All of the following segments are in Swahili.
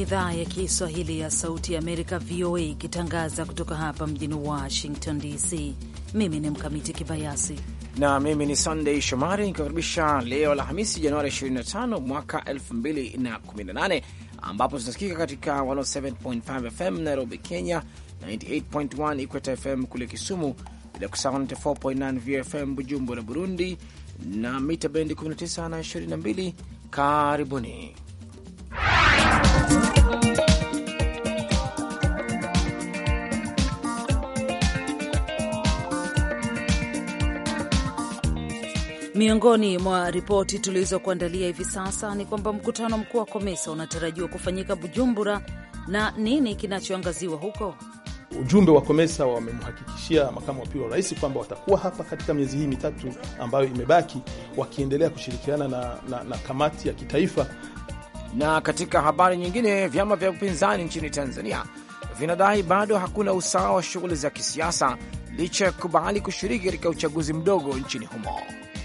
idhaa ya Kiswahili ya Sauti ya Amerika, VOA, ikitangaza kutoka hapa mjini Washington DC. Mimi ni Mkamiti Kibayasi na mimi ni Sandey Shomari nikiwakaribisha leo Alhamisi Januari 25 mwaka 2018 ambapo zinasikika katika 107.5 FM Nairobi, Kenya, 98.1 Ikweta FM kule Kisumu, bila kusahau 94.9 VFM Bujumbura, Burundi, na mita bendi 19 na 22. Karibuni Miongoni mwa ripoti tulizokuandalia hivi sasa ni kwamba mkutano mkuu wa Komesa unatarajiwa kufanyika Bujumbura, na nini kinachoangaziwa huko? Ujumbe wa Komesa wamemhakikishia makamu wa pili wa rais kwamba watakuwa hapa katika miezi hii mitatu ambayo imebaki, wakiendelea kushirikiana na, na, na kamati ya kitaifa na katika habari nyingine, vyama vya upinzani nchini Tanzania vinadai bado hakuna usawa wa shughuli za kisiasa licha ya kukubali kushiriki katika uchaguzi mdogo nchini humo.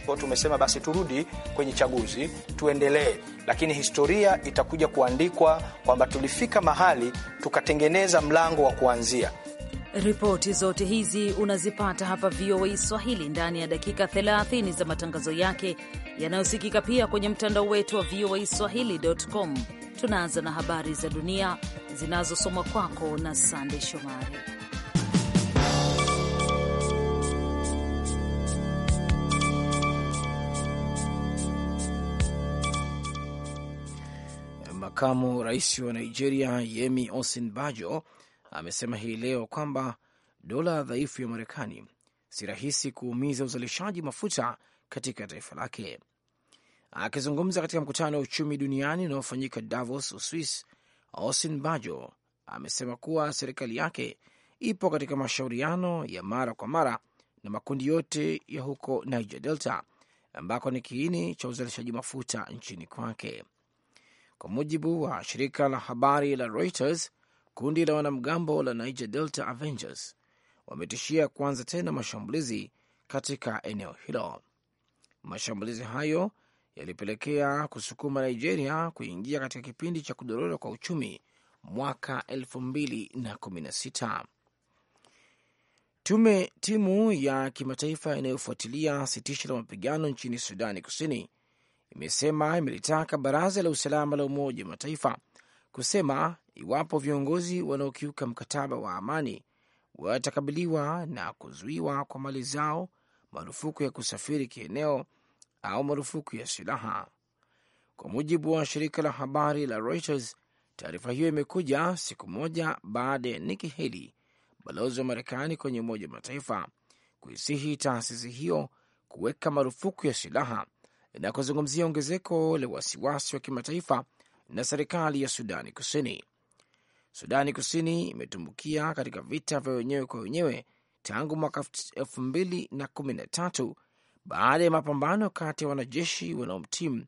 Kwa tumesema basi turudi kwenye chaguzi tuendelee, lakini historia itakuja kuandikwa kwamba tulifika mahali tukatengeneza mlango wa kuanzia Ripoti zote hizi unazipata hapa VOA Swahili ndani ya dakika 30 za matangazo yake yanayosikika pia kwenye mtandao wetu wa VOA Swahili.com. Tunaanza na habari za dunia zinazosomwa kwako na Sande Shomari. Makamu rais wa Nigeria Yemi Osinbajo amesema hii leo kwamba dola dhaifu ya Marekani si rahisi kuumiza uzalishaji mafuta katika taifa lake. Akizungumza katika mkutano wa uchumi duniani unaofanyika Davos, Uswis, Austin Bajo amesema kuwa serikali yake ipo katika mashauriano ya mara kwa mara na makundi yote ya huko Niger Delta ambako ni kiini cha uzalishaji mafuta nchini kwake. Kwa mujibu wa shirika la habari la Reuters, kundi la wanamgambo la Niger Delta Avengers wametishia kuanza tena mashambulizi katika eneo hilo. Mashambulizi hayo yalipelekea kusukuma Nigeria kuingia katika kipindi cha kudorora kwa uchumi mwaka 2016. Tume timu ya kimataifa inayofuatilia sitisho la mapigano nchini Sudani Kusini imesema imelitaka Baraza la Usalama la Umoja wa Mataifa kusema iwapo viongozi wanaokiuka mkataba wa amani watakabiliwa na kuzuiwa kwa mali zao, marufuku ya kusafiri kieneo au marufuku ya silaha. Kwa mujibu wa shirika la habari la Reuters, taarifa hiyo imekuja siku moja baada ya Nikki Haley, balozi wa Marekani kwenye Umoja wa Mataifa, kuisihi taasisi hiyo kuweka marufuku ya silaha na kuzungumzia ongezeko la wasiwasi wa kimataifa na serikali ya Sudani Kusini. Sudani Kusini imetumbukia katika vita vya wenyewe kwa wenyewe tangu mwaka elfu mbili na kumi na tatu baada ya mapambano kati ya wanajeshi wanaomtii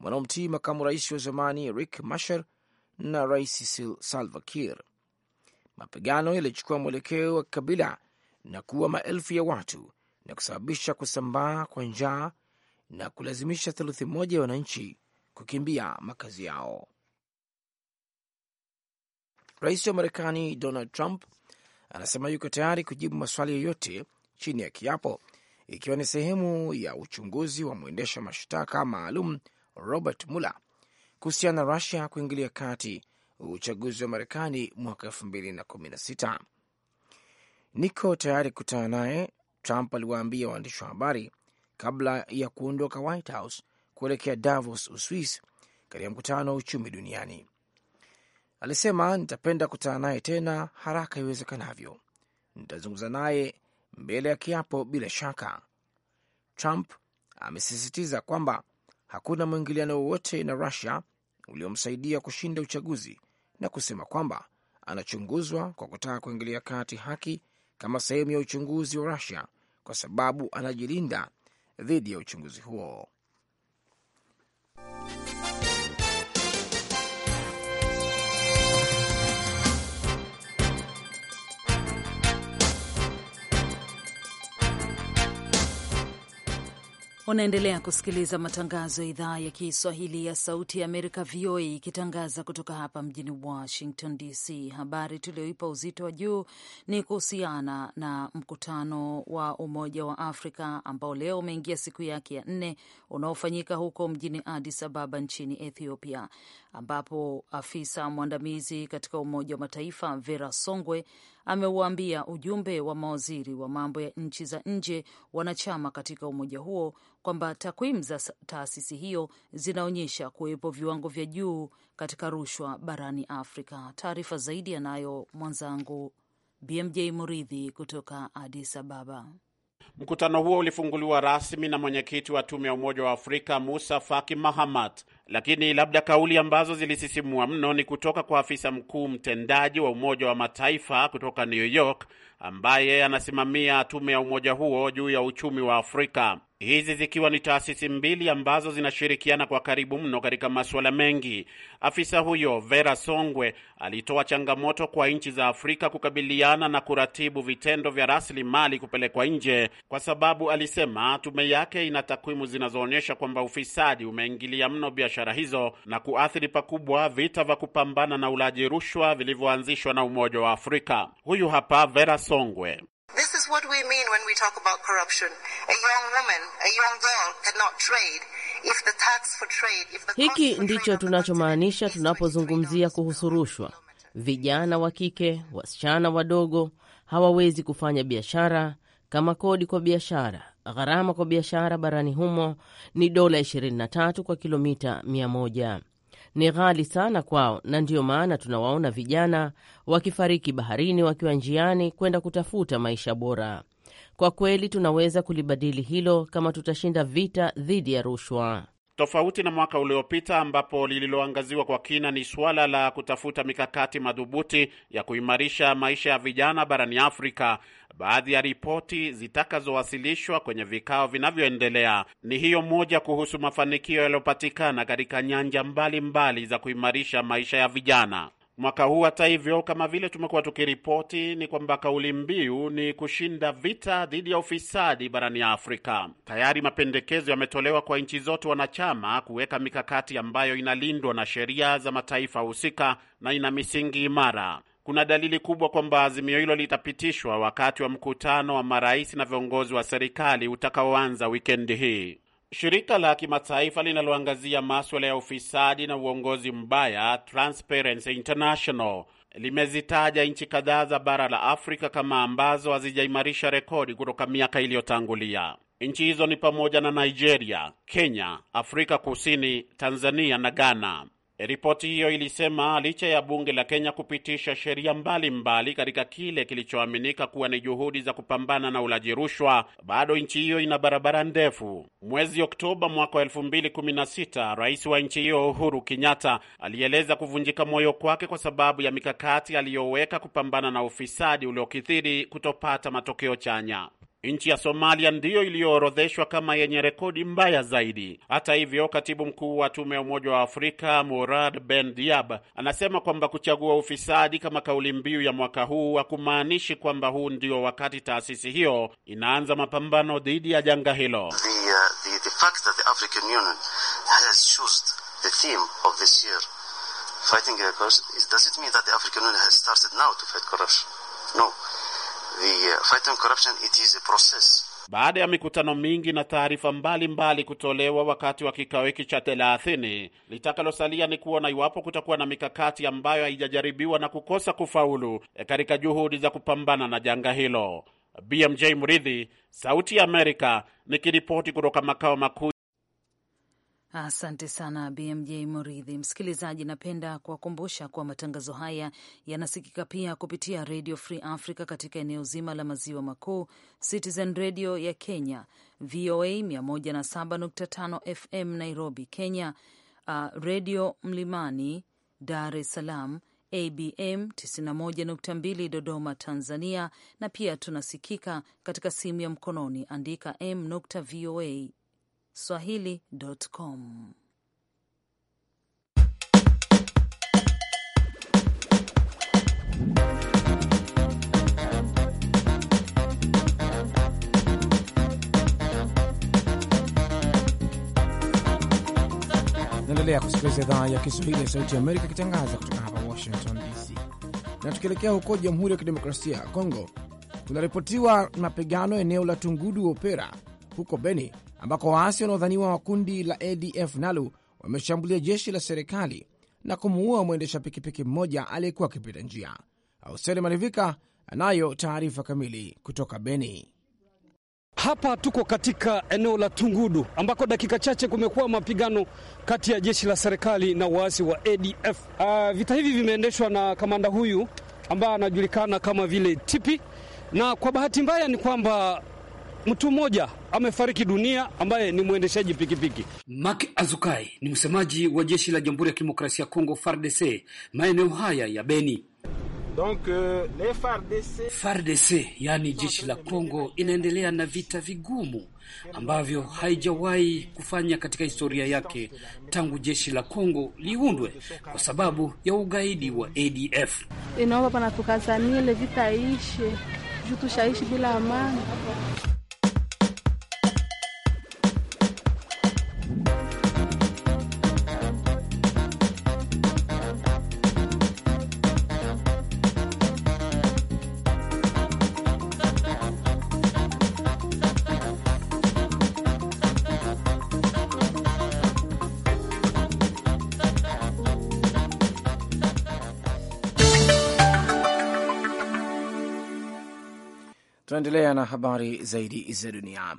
wanaomtii makamu rais wa zamani Rick masher na rais Salva Kiir. Mapigano yalichukua mwelekeo wa kikabila na kuwa maelfu ya watu na kusababisha kusambaa kwa njaa na kulazimisha theluthi moja ya wananchi kukimbia makazi yao. Rais wa Marekani Donald Trump anasema yuko tayari kujibu maswali yoyote chini ya kiapo, ikiwa ni sehemu ya uchunguzi wa mwendesha mashtaka maalum Robert Mueller kuhusiana na Rusia kuingilia kati uchaguzi wa Marekani mwaka elfu mbili na kumi na sita. Niko tayari kukutana naye, Trump aliwaambia waandishi wa habari kabla ya kuondoka White House kuelekea Davos, Uswis, katika mkutano wa uchumi duniani. Alisema, nitapenda kutana naye tena haraka iwezekanavyo, nitazungumza naye mbele ya kiapo bila shaka. Trump amesisitiza kwamba hakuna mwingiliano wowote na Rusia uliomsaidia kushinda uchaguzi na kusema kwamba anachunguzwa kwa kutaka kuingilia kati haki kama sehemu ya uchunguzi wa Rusia kwa sababu anajilinda dhidi ya uchunguzi huo. Unaendelea kusikiliza matangazo ya idhaa ya Kiswahili ya Sauti ya Amerika, VOA, ikitangaza kutoka hapa mjini Washington DC. Habari tulioipa uzito wa juu ni kuhusiana na mkutano wa Umoja wa Afrika ambao leo umeingia siku yake ya nne unaofanyika huko mjini Addis Ababa nchini Ethiopia ambapo afisa mwandamizi katika Umoja wa Mataifa Vera Songwe ameuambia ujumbe wa mawaziri wa mambo ya nchi za nje wanachama katika umoja huo kwamba takwimu za taasisi hiyo zinaonyesha kuwepo viwango vya juu katika rushwa barani Afrika. Taarifa zaidi anayo mwenzangu BMJ Muridhi kutoka Addis Ababa. Mkutano huo ulifunguliwa rasmi na mwenyekiti wa tume ya Umoja wa Afrika Musa Faki Mahamat, lakini labda kauli ambazo zilisisimua mno ni kutoka kwa afisa mkuu mtendaji wa Umoja wa Mataifa kutoka New York ambaye anasimamia tume ya umoja huo juu ya uchumi wa Afrika hizi zikiwa ni taasisi mbili ambazo zinashirikiana kwa karibu mno katika masuala mengi. Afisa huyo Vera Songwe alitoa changamoto kwa nchi za Afrika kukabiliana na kuratibu vitendo vya rasilimali kupelekwa nje, kwa sababu alisema tume yake ina takwimu zinazoonyesha kwamba ufisadi umeingilia mno biashara hizo na kuathiri pakubwa vita vya kupambana na ulaji rushwa vilivyoanzishwa na Umoja wa Afrika. Huyu hapa Vera Songwe. This is what we mean when we talk about corruption. A young woman, a young girl cannot trade if the tax for trade, if the Hiki ndicho tunachomaanisha tunapozungumzia kuhusu rushwa. Vijana wa kike, wasichana wadogo hawawezi kufanya biashara kama kodi kwa biashara. Gharama kwa biashara barani humo ni dola 23 kwa kilomita ni ghali sana kwao, na ndiyo maana tunawaona vijana wakifariki baharini wakiwa njiani kwenda kutafuta maisha bora. Kwa kweli tunaweza kulibadili hilo kama tutashinda vita dhidi ya rushwa tofauti na mwaka uliopita ambapo lililoangaziwa kwa kina ni suala la kutafuta mikakati madhubuti ya kuimarisha maisha ya vijana barani Afrika. Baadhi ya ripoti zitakazowasilishwa kwenye vikao vinavyoendelea ni hiyo moja kuhusu mafanikio yaliyopatikana katika nyanja mbalimbali mbali za kuimarisha maisha ya vijana. Mwaka huu hata hivyo, kama vile tumekuwa tukiripoti, ni kwamba kauli mbiu ni kushinda vita dhidi ya ufisadi barani Afrika. Tayari mapendekezo yametolewa kwa nchi zote wanachama kuweka mikakati ambayo inalindwa na sheria za mataifa husika na ina misingi imara. Kuna dalili kubwa kwamba azimio hilo litapitishwa wakati wa mkutano wa marais na viongozi wa serikali utakaoanza wikendi hii. Shirika la kimataifa linaloangazia maswala ya ufisadi na uongozi mbaya Transparency International limezitaja nchi kadhaa za bara la Afrika kama ambazo hazijaimarisha rekodi kutoka miaka iliyotangulia. Nchi hizo ni pamoja na Nigeria, Kenya, Afrika Kusini, Tanzania na Ghana. Ripoti hiyo ilisema licha ya bunge la Kenya kupitisha sheria mbalimbali katika kile kilichoaminika kuwa ni juhudi za kupambana na ulaji rushwa, bado nchi hiyo ina barabara ndefu. Mwezi Oktoba mwaka wa rais wa nchi hiyo Uhuru Kenyatta alieleza kuvunjika moyo kwake kwa sababu ya mikakati aliyoweka kupambana na ufisadi uliokithiri kutopata matokeo chanya. Nchi ya Somalia ndiyo iliyoorodheshwa kama yenye rekodi mbaya zaidi. Hata hivyo, katibu mkuu wa tume ya Umoja wa Afrika Murad Ben Diab anasema kwamba kuchagua ufisadi kama kauli mbiu ya mwaka huu hakumaanishi kwamba huu ndio wakati taasisi hiyo inaanza mapambano dhidi ya janga hilo. The, uh, the, the No the uh, fighting corruption it is a process. Baada ya mikutano mingi na taarifa mbalimbali kutolewa wakati wa kikao hiki cha thelathini, litakalosalia ni kuona iwapo kutakuwa na mikakati ambayo haijajaribiwa na kukosa kufaulu eh, katika juhudi za kupambana na janga hilo. BMJ Mridhi, Sauti ya Amerika, nikiripoti kutoka makao makuu Asante sana BMJ Muridhi. Msikilizaji, napenda kuwakumbusha kuwa matangazo haya yanasikika pia kupitia Radio Free Africa katika eneo zima la maziwa makuu, Citizen Radio ya Kenya, VOA 107.5 FM Nairobi, Kenya, uh, Radio Mlimani Dar es Salaam, ABM 91.2 Dodoma, Tanzania, na pia tunasikika katika simu ya mkononi, andika m voa swahili.com. Naendelea kusikiliza idhaa ya Kiswahili ya Sauti ya Amerika ikitangaza kutoka hapa Washington DC. Na tukielekea huko Jamhuri ya Kidemokrasia ya Kongo, kunaripotiwa mapigano eneo la Tungudu Opera huko Beni ambako waasi wanaodhaniwa wa kundi la ADF NALU wameshambulia jeshi la serikali na kumuua mwendesha pikipiki mmoja aliyekuwa akipita njia. Auseli Malivika anayo taarifa kamili kutoka Beni. Hapa tuko katika eneo la Tungudu ambako dakika chache kumekuwa mapigano kati ya jeshi la serikali na waasi wa ADF. Uh, ah, vita hivi vimeendeshwa na kamanda huyu ambaye anajulikana kama vile Tipi, na kwa bahati mbaya ni kwamba mtu mmoja amefariki dunia ambaye ni mwendeshaji pikipiki. Mak Azukai ni msemaji wa jeshi la Jamhuri ya Kidemokrasia ya Kongo, FARDC, maeneo haya ya Beni. Donc, euh, FARDC... FARDC yaani jeshi la Kongo inaendelea na vita vigumu ambavyo haijawahi kufanya katika historia yake tangu jeshi la Kongo liundwe kwa sababu ya ugaidi wa ADF. Inaomba panatukazanile vita ishe, bila amani. Tunaendelea na habari zaidi za dunia.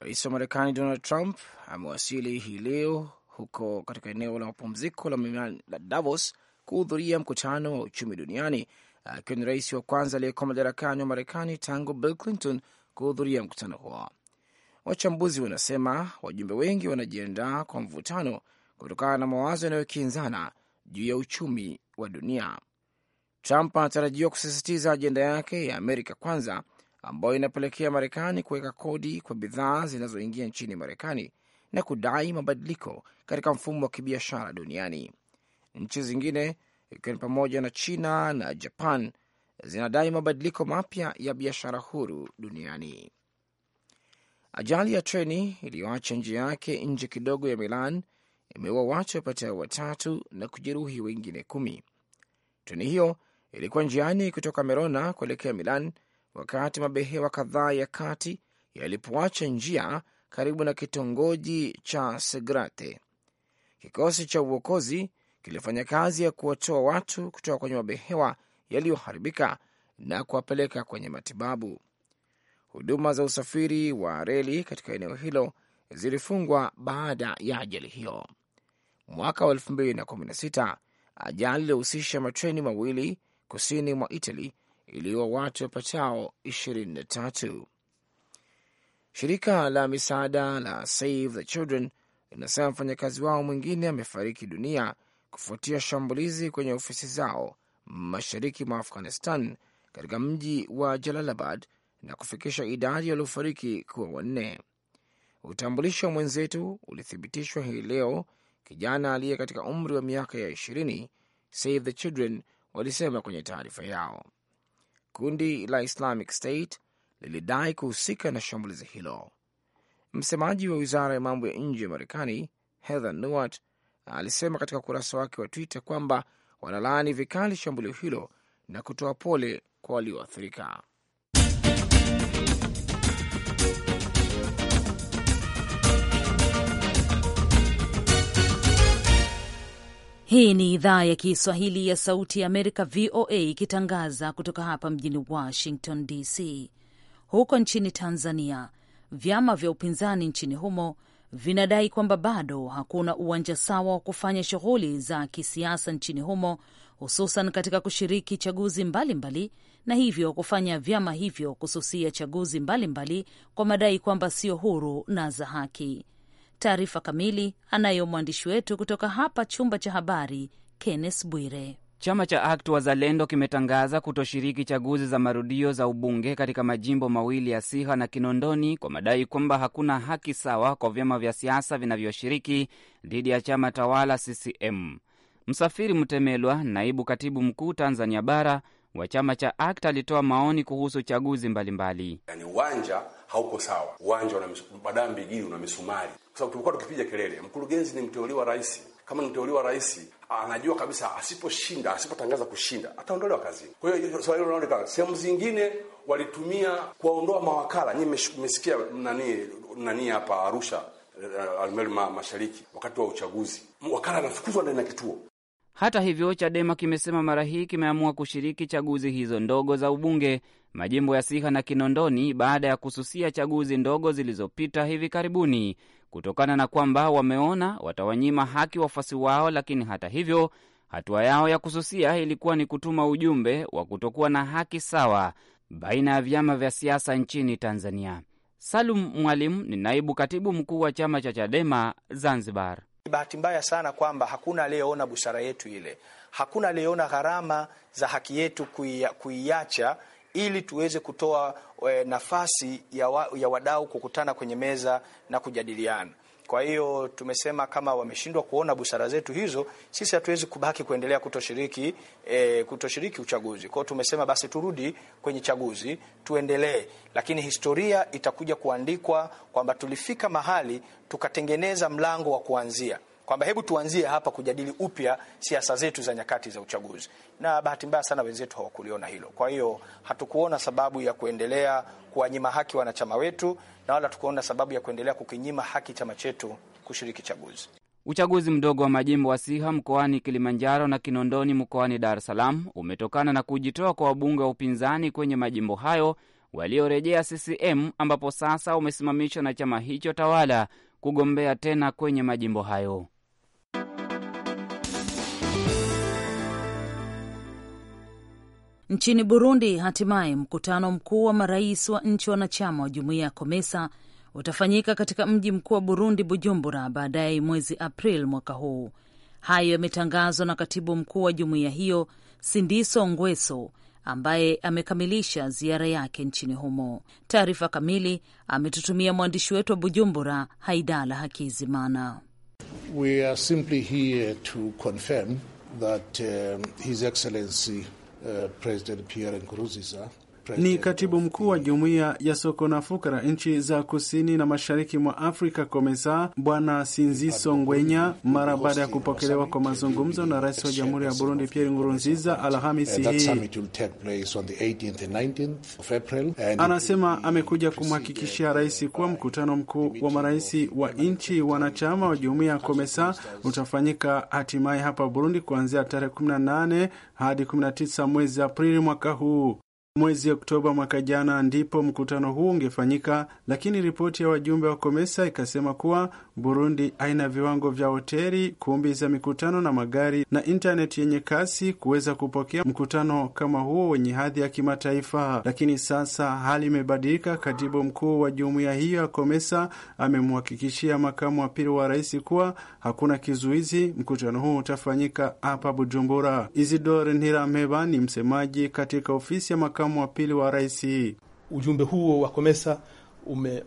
Rais wa Marekani Donald Trump amewasili hii leo huko katika eneo la mapumziko la milimani la Davos kuhudhuria mkutano wa uchumi duniani akiwa ni rais wa kwanza aliyekuwa madarakani wa Marekani tangu Bill Clinton kuhudhuria mkutano huo. Wachambuzi wanasema wajumbe wengi wanajiandaa kwa mvutano kutokana na mawazo yanayokinzana juu ya uchumi wa dunia. Trump anatarajiwa kusisitiza ajenda yake ya Amerika kwanza ambayo inapelekea Marekani kuweka kodi kwa bidhaa zinazoingia nchini Marekani na kudai mabadiliko katika mfumo wa kibiashara duniani. Nchi zingine ikiwa ni pamoja na China na Japan zinadai mabadiliko mapya ya biashara huru duniani. Ajali ya treni iliyoacha njia yake nje kidogo ya Milan imeua watu wapatao watatu na kujeruhi wengine kumi. Treni hiyo ilikuwa njiani kutoka Merona kuelekea Milan wakati mabehewa kadhaa ya kati yalipoacha njia karibu na kitongoji cha Segrate. Kikosi cha uokozi kilifanya kazi ya kuwatoa watu kutoka kwenye mabehewa yaliyoharibika na kuwapeleka kwenye matibabu. Huduma za usafiri wa reli katika eneo hilo zilifungwa baada ya ajali hiyo. Mwaka wa 2016 ajali ilihusisha matreni mawili kusini mwa Italy iliua watu wapatao 23. Shirika la misaada la Save the Children linasema mfanyakazi wao mwingine amefariki dunia kufuatia shambulizi kwenye ofisi zao mashariki mwa Afghanistan katika mji wa Jalalabad na kufikisha idadi waliofariki kuwa wanne. Utambulisho wa mwenzetu ulithibitishwa hii leo, kijana aliye katika umri wa miaka ya ishirini, Save the Children walisema kwenye taarifa yao. Kundi la Islamic State lilidai kuhusika na shambulizi hilo. Msemaji wa wizara ya mambo ya nje ya Marekani Heather Nauert alisema katika ukurasa wake wa Twitter kwamba wanalaani vikali shambulio hilo na kutoa pole kwa walioathirika. Hii ni idhaa ya Kiswahili ya Sauti ya Amerika, VOA, ikitangaza kutoka hapa mjini Washington DC. Huko nchini Tanzania, vyama vya upinzani nchini humo vinadai kwamba bado hakuna uwanja sawa wa kufanya shughuli za kisiasa nchini humo, hususan katika kushiriki chaguzi mbalimbali mbali, na hivyo kufanya vyama hivyo kususia chaguzi mbalimbali mbali, kwa madai kwamba sio huru na za haki. Taarifa kamili anayo mwandishi wetu kutoka hapa chumba cha habari, Kenneth Bwire. Chama cha ACT Wazalendo kimetangaza kutoshiriki chaguzi za marudio za ubunge katika majimbo mawili ya Siha na Kinondoni kwa madai kwamba hakuna haki sawa kwa vyama vya siasa vinavyoshiriki dhidi ya chama tawala CCM. Msafiri Mtemelwa, naibu katibu mkuu Tanzania Bara wa chama cha ACT, alitoa maoni kuhusu chaguzi mbalimbali. Yani, uwanja hauko sawa, uwanja una mbigili una misumari kwa sababu tulikuwa tukipiga kelele, mkurugenzi ni mteuliwa rais. Kama ni mteuliwa rais, anajua kabisa asiposhinda, asipotangaza kushinda, ataondolewa kazini. Kwa hiyo swali linaonekana sehemu zingine walitumia kuwaondoa mawakala. Nyinyi mmesikia nani nani hapa Arusha, eh, ma, mashariki, wakati wa uchaguzi wakala anafukuzwa ndani ya kituo. Hata hivyo, Chadema kimesema mara hii kimeamua kushiriki chaguzi hizo ndogo za ubunge majimbo ya Siha na Kinondoni baada ya kususia chaguzi ndogo zilizopita hivi karibuni kutokana na kwamba wameona watawanyima haki wafuasi wao, lakini hata hivyo hatua yao ya kususia ilikuwa ni kutuma ujumbe wa kutokuwa na haki sawa baina ya vyama vya siasa nchini Tanzania. Salum Mwalimu ni naibu katibu mkuu wa chama cha Chadema Zanzibar. Bahati mbaya sana kwamba hakuna aliyeona busara yetu ile, hakuna aliyeona gharama za haki yetu kuiacha ili tuweze kutoa e, nafasi ya, wa, ya wadau kukutana kwenye meza na kujadiliana. Kwa hiyo tumesema kama wameshindwa kuona busara zetu hizo, sisi hatuwezi kubaki kuendelea kutoshiriki e, kutoshiriki uchaguzi. Kwa hiyo tumesema basi turudi kwenye chaguzi tuendelee, lakini historia itakuja kuandikwa kwamba tulifika mahali tukatengeneza mlango wa kuanzia kwamba hebu tuanzie hapa kujadili upya siasa zetu za nyakati za uchaguzi, na bahati mbaya sana wenzetu hawakuliona hilo. Kwa hiyo hatukuona sababu ya kuendelea kuwanyima haki wanachama wetu, na wala hatukuona sababu ya kuendelea kukinyima haki chama chetu kushiriki chaguzi. Uchaguzi mdogo wa majimbo wa Siha mkoani Kilimanjaro na Kinondoni mkoani Dar es Salaam umetokana na kujitoa kwa wabunge wa upinzani kwenye majimbo hayo waliorejea CCM, ambapo sasa umesimamishwa na chama hicho tawala kugombea tena kwenye majimbo hayo. Nchini Burundi, hatimaye mkutano mkuu wa marais wa nchi wanachama wa jumuiya ya Komesa utafanyika katika mji mkuu wa Burundi, Bujumbura, baadaye mwezi Aprili mwaka huu. Hayo yametangazwa na katibu mkuu wa jumuiya hiyo Sindiso Ngweso ambaye amekamilisha ziara yake nchini humo. Taarifa kamili ametutumia mwandishi wetu wa Bujumbura, Haidala Hakizimana. We are simply here to confirm that, um, His Excellency President Pierre Nkurunziza ni katibu mkuu wa jumuiya ya soko na fukara nchi za kusini na mashariki mwa Afrika COMESA Bwana Sinziso Ngwenya mara baada ya kupokelewa kwa mazungumzo na rais wa jamhuri ya Burundi Pierre Nkurunziza Alhamisi hii. Anasema amekuja kumhakikishia rais kuwa mkutano mkuu wa marais wa nchi wanachama wa jumuiya ya COMESA utafanyika hatimaye hapa Burundi kuanzia tarehe 18 hadi 19 mwezi Aprili mwaka huu. Mwezi Oktoba mwaka jana ndipo mkutano huu ungefanyika, lakini ripoti ya wajumbe wa Komesa ikasema kuwa Burundi haina viwango vya hoteli, kumbi za mikutano na magari na intaneti yenye kasi kuweza kupokea mkutano kama huo wenye hadhi ya kimataifa. Lakini sasa hali imebadilika. Katibu mkuu wa jumuiya hiyo ya Komesa amemhakikishia makamu wa pili wa rais kuwa hakuna kizuizi, mkutano huo utafanyika hapa Bujumbura. Isidore Ntirampeba ni msemaji katika ofisi ya makamu wa pili wa rais. Ujumbe huo wa Komesa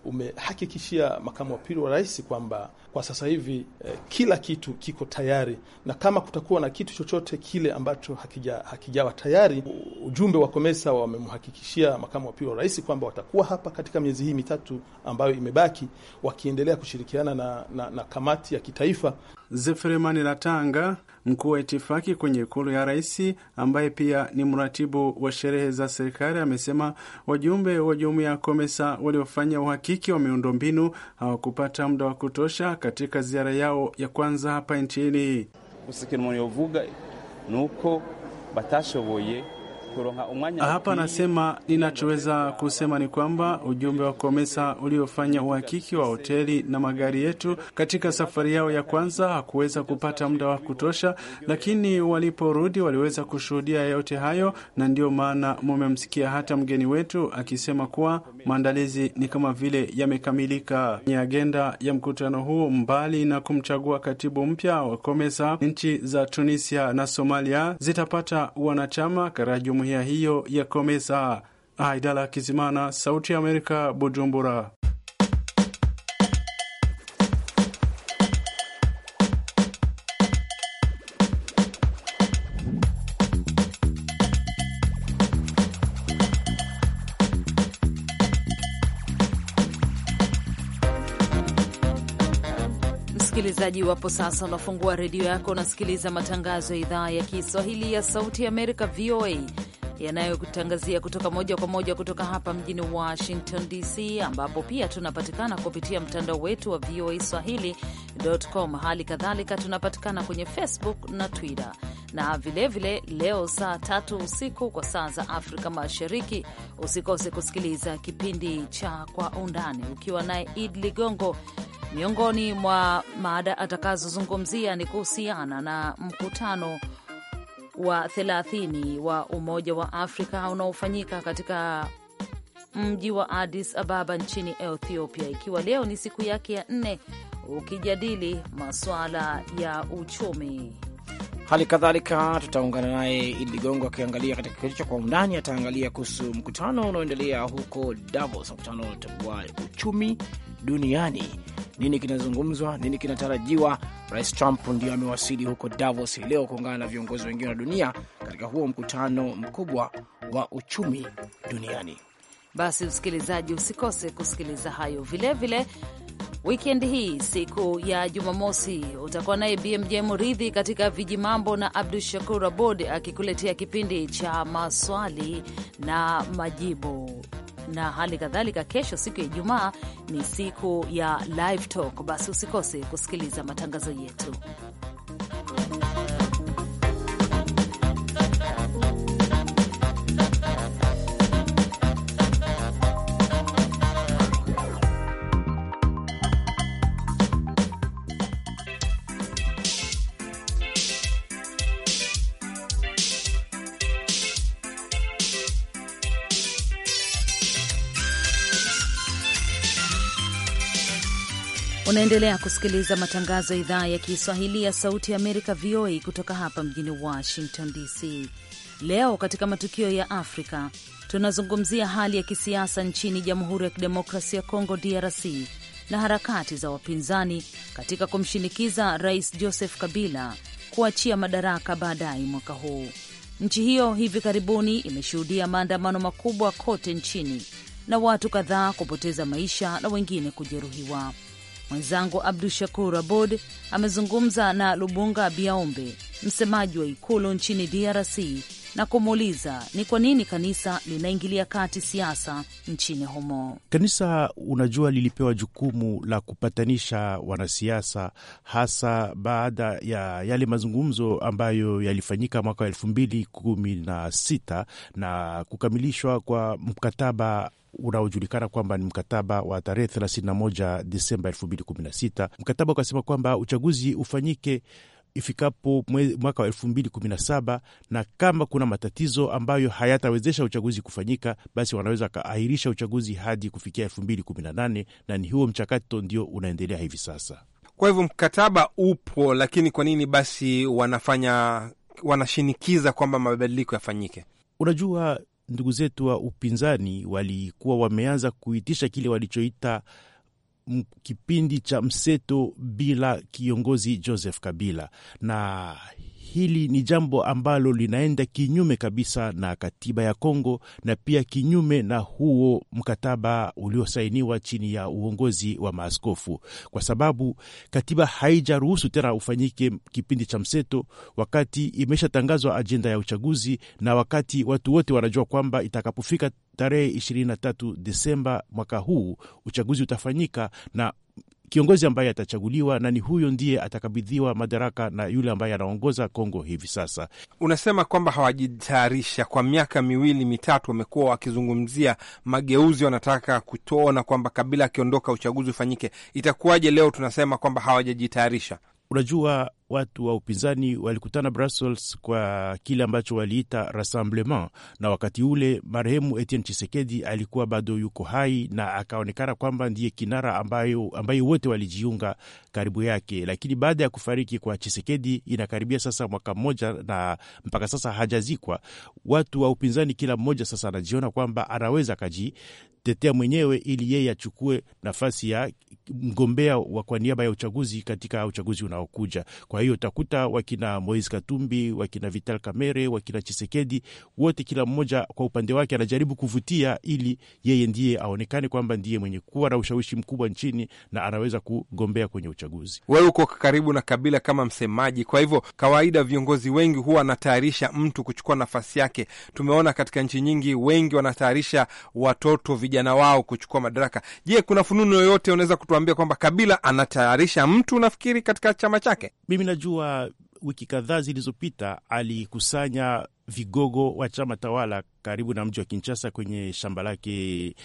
umehakikishia makamu wa pili wa rais kwamba kwa sasa hivi eh, kila kitu kiko tayari, na kama kutakuwa na kitu chochote kile ambacho hakija, hakijawa tayari, ujumbe wa Komesa wamemhakikishia makamu wa pili wa rais kwamba watakuwa hapa katika miezi hii mitatu ambayo imebaki, wakiendelea kushirikiana na, na, na kamati ya kitaifa. Zeferemani Latanga mkuu wa itifaki kwenye ikulu ya rais, ambaye pia ni mratibu wa sherehe za serikali, amesema wajumbe wa jumuiya ya COMESA waliofanya uhakiki wa miundombinu hawakupata muda wa kutosha katika ziara yao ya kwanza hapa nchini. nuko batashoboye hapa anasema ninachoweza kusema ni kwamba ujumbe wa Komesa uliofanya uhakiki wa hoteli na magari yetu katika safari yao ya kwanza hakuweza kupata muda wa kutosha, lakini waliporudi waliweza kushuhudia yote hayo, na ndiyo maana mumemsikia hata mgeni wetu akisema kuwa maandalizi ni kama vile yamekamilika. Ni agenda ya mkutano huu, mbali na kumchagua katibu mpya wa Komesa, nchi za Tunisia na Somalia zitapata wanachama karajumu jumuiya hiyo ya COMESA. Aidala ah, Kizimana, Sauti ya Amerika, Bujumbura. Msikilizaji wapo sasa, unafungua redio yako, unasikiliza matangazo ya idhaa ya Kiswahili ya Sauti ya Amerika, VOA yanayokutangazia kutoka moja kwa moja kutoka hapa mjini Washington DC, ambapo pia tunapatikana kupitia mtandao wetu wa VOA Swahili.com. Hali kadhalika tunapatikana kwenye Facebook na Twitter na vilevile vile, leo saa tatu usiku kwa saa za Afrika Mashariki, usikose kusikiliza kipindi cha Kwa Undani ukiwa naye Id Ligongo. Miongoni mwa mada atakazozungumzia ni kuhusiana na mkutano wa 30 wa Umoja wa Afrika unaofanyika katika mji wa Addis Ababa nchini Ethiopia, ikiwa leo ni siku yake ya nne, ukijadili masuala ya uchumi. Hali kadhalika tutaungana naye Idi Ligongo akiangalia katika cha kwa undani, ataangalia kuhusu mkutano unaoendelea huko Davos, mkutano wa uchumi duniani. Nini kinazungumzwa? Nini kinatarajiwa? Rais Trump ndio amewasili huko Davos hii leo kuungana na viongozi wengine wa dunia katika huo mkutano mkubwa wa uchumi duniani. Basi msikilizaji, usikose kusikiliza hayo vilevile Wikendi hii siku ya Jumamosi utakuwa naye BMJ Muridhi katika Vijimambo na Abdu Shakur Abod akikuletea kipindi cha maswali na majibu na hali kadhalika, kesho siku ya Ijumaa ni siku ya Live Talk. Basi usikose kusikiliza matangazo yetu. Unaendelea kusikiliza matangazo ya idhaa ya Kiswahili ya Sauti ya Amerika, VOA, kutoka hapa mjini Washington DC. Leo katika matukio ya Afrika tunazungumzia hali ya kisiasa nchini Jamhuri ya Kidemokrasia ya Kongo, DRC, na harakati za wapinzani katika kumshinikiza Rais Joseph Kabila kuachia madaraka baadaye mwaka huu. Nchi hiyo hivi karibuni imeshuhudia maandamano makubwa kote nchini na watu kadhaa kupoteza maisha na wengine kujeruhiwa. Mwenzangu Abdu Shakur Abud amezungumza na Lubunga Biaombe, msemaji wa ikulu nchini DRC, na kumuuliza ni kwa nini kanisa linaingilia kati siasa nchini humo. Kanisa, unajua, lilipewa jukumu la kupatanisha wanasiasa, hasa baada ya yale mazungumzo ambayo yalifanyika mwaka wa elfu mbili kumi na sita na kukamilishwa kwa mkataba unaojulikana kwamba ni mkataba wa tarehe 31 Desemba 2016. Mkataba ukasema kwamba uchaguzi ufanyike ifikapo mwaka wa elfu mbili kumi na saba na kama kuna matatizo ambayo hayatawezesha uchaguzi kufanyika, basi wanaweza wakaahirisha uchaguzi hadi kufikia elfu mbili kumi na nane na ni huo mchakato ndio unaendelea hivi sasa. Kwa hivyo mkataba upo, lakini kwa nini basi wanafanya wanashinikiza kwamba mabadiliko yafanyike? Unajua, ndugu zetu wa upinzani walikuwa wameanza kuitisha kile walichoita kipindi cha mseto bila kiongozi Joseph Kabila, na hili ni jambo ambalo linaenda kinyume kabisa na katiba ya Kongo na pia kinyume na huo mkataba uliosainiwa chini ya uongozi wa maaskofu, kwa sababu katiba haijaruhusu tena ufanyike kipindi cha mseto, wakati imeshatangazwa ajenda ya uchaguzi na wakati watu wote wanajua kwamba itakapofika tarehe 23 Desemba mwaka huu uchaguzi utafanyika na kiongozi ambaye atachaguliwa na ni huyo ndiye atakabidhiwa madaraka na yule ambaye anaongoza Kongo hivi sasa. Unasema kwamba hawajitayarisha kwa miaka miwili mitatu, wamekuwa wakizungumzia mageuzi, wanataka kutoona kwamba Kabila akiondoka uchaguzi ufanyike. Itakuwaje leo tunasema kwamba hawajajitayarisha? Unajua, watu wa upinzani walikutana Brussels kwa kile ambacho waliita rassemblement, na wakati ule marehemu Etienne Chisekedi alikuwa bado yuko hai na akaonekana kwamba ndiye kinara ambayo, ambayo wote walijiunga karibu yake, lakini baada ya kufariki kwa Chisekedi inakaribia sasa mwaka mmoja na mpaka sasa hajazikwa. Watu wa upinzani kila mmoja sasa anajiona kwamba anaweza akajitetea mwenyewe ili yeye achukue nafasi ya mgombea wa kwa niaba ya uchaguzi katika uchaguzi unaokuja. Kwa hiyo utakuta wakina Moise Katumbi, wakina Vital Kamerhe, wakina Chisekedi, wote kila mmoja kwa upande wake anajaribu kuvutia ili yeye ndiye aonekane kwamba ndiye mwenye kuwa na ushawishi mkubwa nchini na anaweza kugombea kwenye uchaguzi. Wewe uko karibu na Kabila kama msemaji, kwa hivyo kawaida viongozi wengi huwa wanatayarisha mtu kuchukua nafasi yake. Tumeona katika nchi nyingi, wengi wanatayarisha watoto, vijana wao kuchukua madaraka. Je, kuna fununu yoyote unaweza kutuambia kwamba Kabila anatayarisha mtu, nafikiri katika chama chake? Mimi najua wiki kadhaa zilizopita alikusanya vigogo wa chama tawala karibu na mji wa Kinshasa kwenye shamba lake,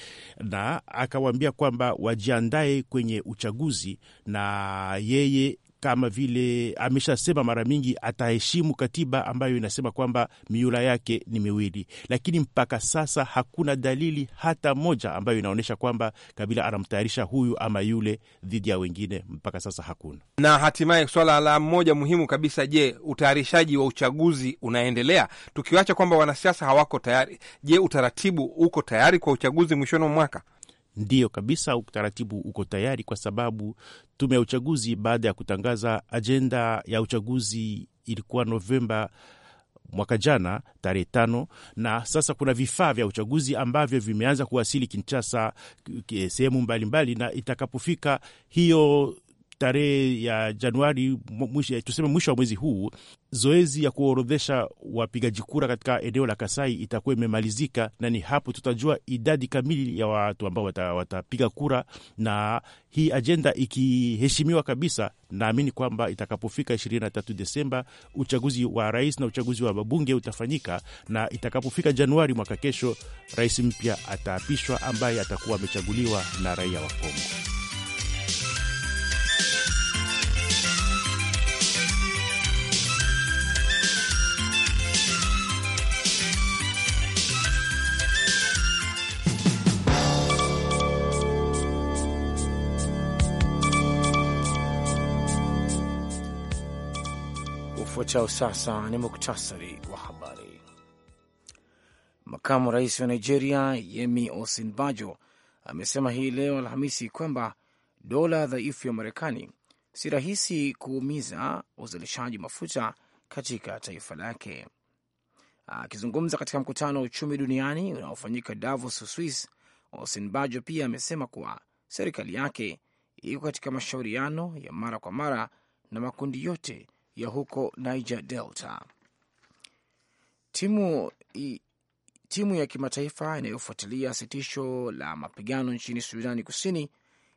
na akawaambia kwamba wajiandae kwenye uchaguzi, na yeye kama vile ameshasema mara mingi, ataheshimu katiba ambayo inasema kwamba miula yake ni miwili, lakini mpaka sasa hakuna dalili hata moja ambayo inaonyesha kwamba Kabila anamtayarisha huyu ama yule dhidi ya wengine. Mpaka sasa hakuna. Na hatimaye swala la moja muhimu kabisa, je, utayarishaji wa uchaguzi unaendelea? Tukiwacha kwamba wanasiasa hawako tayari, je, utaratibu uko tayari kwa uchaguzi mwishoni mwa mwaka? Ndiyo kabisa, utaratibu uko tayari, kwa sababu tume ya uchaguzi baada ya kutangaza ajenda ya uchaguzi ilikuwa Novemba mwaka jana tarehe tano, na sasa kuna vifaa vya uchaguzi ambavyo vimeanza kuwasili Kinshasa, eh, sehemu mbalimbali, na itakapofika hiyo tarehe ya Januari mwisho, tuseme mwisho wa mwezi huu, zoezi ya kuorodhesha wapigaji kura katika eneo la Kasai itakuwa imemalizika, na ni hapo tutajua idadi kamili ya watu ambao watapiga wata kura, na hii ajenda ikiheshimiwa kabisa, naamini kwamba itakapofika 23 Desemba uchaguzi wa rais na uchaguzi wa mabunge utafanyika, na itakapofika Januari mwaka kesho, rais mpya ataapishwa ambaye atakuwa amechaguliwa na raia wa Kongo. Ifuatao sasa ni muktasari wa habari. Makamu rais wa Nigeria Yemi Osinbajo amesema hii leo Alhamisi kwamba dola dhaifu ya Marekani si rahisi kuumiza uzalishaji mafuta katika taifa lake. Akizungumza katika mkutano wa uchumi duniani unaofanyika Davos, swis Osinbajo pia amesema kuwa serikali yake iko katika mashauriano ya mara kwa mara na makundi yote ya huko Niger Delta. Timu, i, timu ya kimataifa inayofuatilia sitisho la mapigano nchini Sudani Kusini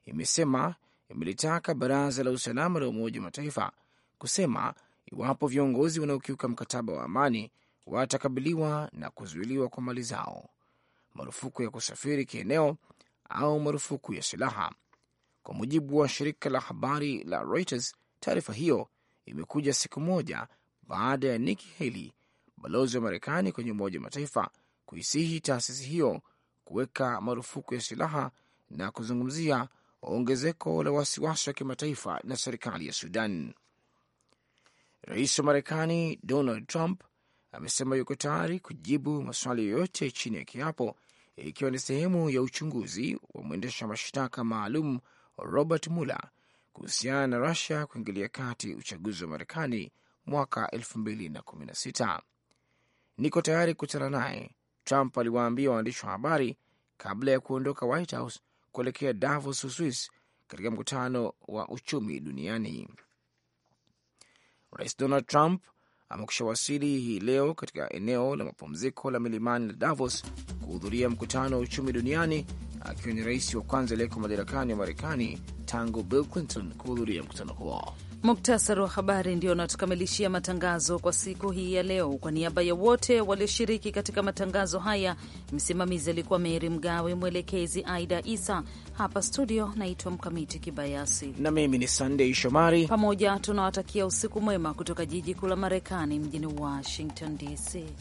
imesema imelitaka Baraza la Usalama la Umoja wa Mataifa kusema iwapo viongozi wanaokiuka mkataba wa amani watakabiliwa na kuzuiliwa kwa mali zao, marufuku ya kusafiri kieneo au marufuku ya silaha. Kwa mujibu wa shirika la habari la Reuters, taarifa hiyo imekuja siku moja baada ya Nikki Haley, balozi wa Marekani kwenye Umoja wa Mataifa, kuisihi taasisi hiyo kuweka marufuku ya silaha na kuzungumzia ongezeko la wasiwasi wa kimataifa na serikali ya Sudan. Rais wa Marekani Donald Trump amesema yuko tayari kujibu maswali yoyote chini ya kiapo, ikiwa ni sehemu ya uchunguzi wa mwendesha mashtaka maalum Robert Mueller kuhusiana na Rusia kuingilia kati uchaguzi wa Marekani mwaka 2016. Niko tayari kukutana naye, Trump aliwaambia waandishi wa habari kabla ya kuondoka White House kuelekea Davos, Uswis, katika mkutano wa uchumi duniani. Rais Donald Trump amekusha wasili hii leo katika eneo la mapumziko la milimani la Davos kuhudhuria mkutano wa uchumi duniani akiwa ni rais wa kwanza aliyeko madarakani wa Marekani tangu Bill Clinton kuhudhuria mkutano huo. Muktasari wa habari ndio unatukamilishia matangazo kwa siku hii ya leo. Kwa niaba ya wote walioshiriki katika matangazo haya, msimamizi alikuwa Meri Mgawe, mwelekezi Aida Isa. Hapa studio naitwa Mkamiti Kibayasi na mimi ni Sandei Shomari. Pamoja tunawatakia usiku mwema kutoka jiji kuu la Marekani, mjini Washington DC.